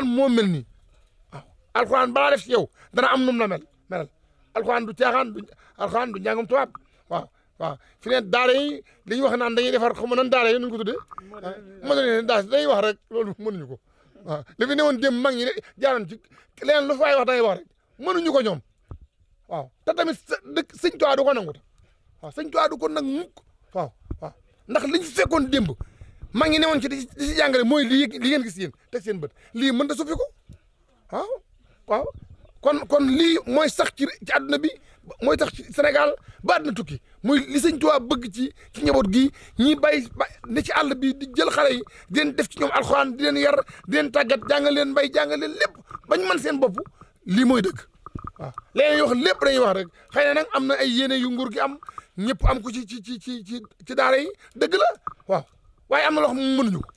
alxuraan moo mel nii waaw alxuraan balaa def si yow dana am num la mel melal alxuraan du caaxaan du alxuraan du njàngum tubaab waaw waaw fi ne daara yi li ñu wax naan dañuy defar xaw ma nan daara yi nu ñu ko tuddee modernisé ah, daara dañuy wax rek loolu mënuñu ko waaw li fi newoon démb mag ñi ne jaaroon ci leneen lu fay wax dañuy ko ñoom waaw te tamit sëñ Tuubaa du ko nangu ta waaw sëñ Tuubaa du ko nag mukk waaw waaw maa ngi newoon ci di ci jàngale mooy lii li ngeen gis yéen teg seen bët lii mën da suppi ko kon lii mooy sax ci ci bi mooy tax ci senegal ba àdduna tukki muy li sëñ Tuubaa bëgg ci ci njaboot gi ñi bay ne ci àll bi di jël xale yi di leen def ci ñoom alxuraan di leen yar di leen tàggat jàngal leen mbay jàngal leen lépp bañ mën seen bopp lii mooy dëgg waaw léeg yoo xam lépp dañuy wax rek xëy na nag am na ay yéene yu nguur gi am ñëpp am ko ci ci ci ci ci daara yi dëgg la waaw waaye am na loo xam ne mënuñu ko.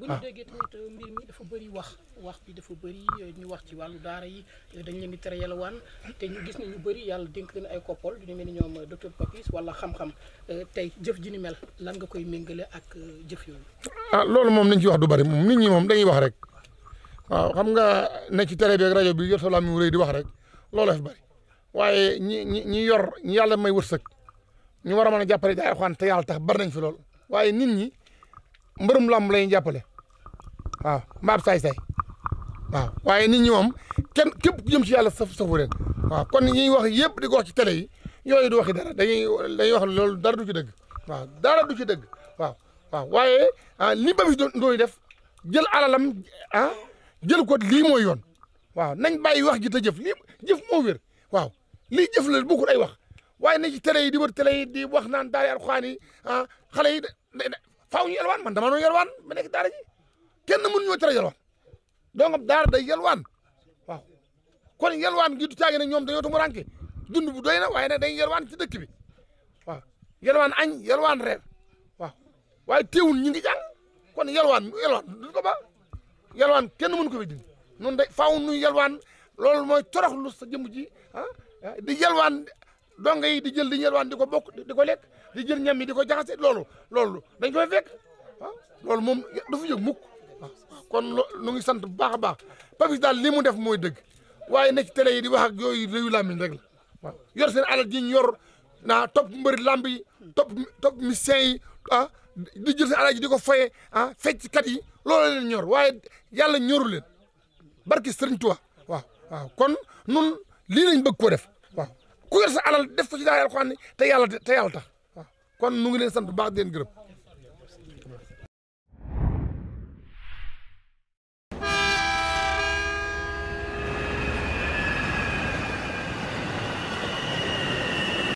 bu ñu déggee tamit euh, mbir mi dafa bëri wax wax bi dafa bëri euh, ñu wax ci wàllu daara yi euh, dañ leen di tere yalwaan te ñu gis ne ñu bëri yàlla dénk leen ay koppol ñu mel ni ñoom docteur Papis wala xam tey jëf ji lan nga koy méngale ak jëf yooyu. ah loolu moom nañ ci wax du bari moom nit ñi moom dañuy wax rek waaw xam nga ne ci télé bi ak rajo bi yor sa làmmiñ wu rëy di wax rek looloo fi bari waaye ñi ñi ñi yor ñi yàlla may wërsëg ñu war a man a jàppale jaay xwaan te yàlla tax bari nañ fi lool waaye nit ñi mbërum làmb lañu jàppale waaw mbaab saay-saay waaw waaye nit ñi moom kenn képp ku jëm ci yàlla saf safu leen waaw kon ñi wax yëpp di ko wax ci télé yi yooyu du waxi wax loolu dara du ci dëgg dara du ci dëgg waaw waaw waaye ah, li Papis Ndoye def jël alalam ah, jël kot lii mooy yoon waaw nañ bàyyi wax ji te jëf lii jëf moo wér waaw lii jëf la bokkul ay wax waaye na ci télé yi di wër télé wax naan daari alxuraan yi ah faaw ñu yalwaan man dama doon yalwaan ma nekk daara ji kenn mënu ñoo tere yalwaan donc daara day yalwaan waaw kon yalwaan gi du caagi ne ñoom dañoo tumu rànke dund bu doy na waaye nag dañ yalwaan ci dëkk bi waaw yalwaan añ yalwaan reer waaw waaye teewul ñu ngi jàng kon yalwaan yalwaan duñ ko ba yalwaan kenn mënu ko fi dindi noonu day faaw nu yalwaan loolu mooy toroxlu sa jëmm ji ah di yalwaan donga yi di jël di ñelwaan di ko bokk di ko lekk di jël ñam yi di ko jaxase loolu loolu dañ koy fekk waaw loolu moom du fi jóg mukk kon nu ngi sant bu baax a baax Papis daal li mu def mooy dëgg waaye na ci yi di wax ak yooyu réewu làmmiñ rek la yor seen alal ji ñu naa topp mbëri làmb yi topp topp yi ah di jël seen alal ji di ko foye ah fecckat yi loolu leen ñor waaye yàlla ñoru leen barki Sëriñ waaw waaw kon nun lii lañ bëgg ko def ku yor sa alal def ko ci daara alxuraan ni te yàlla te yàlla ta waaw kon nu ngi leen sant bu baax di leen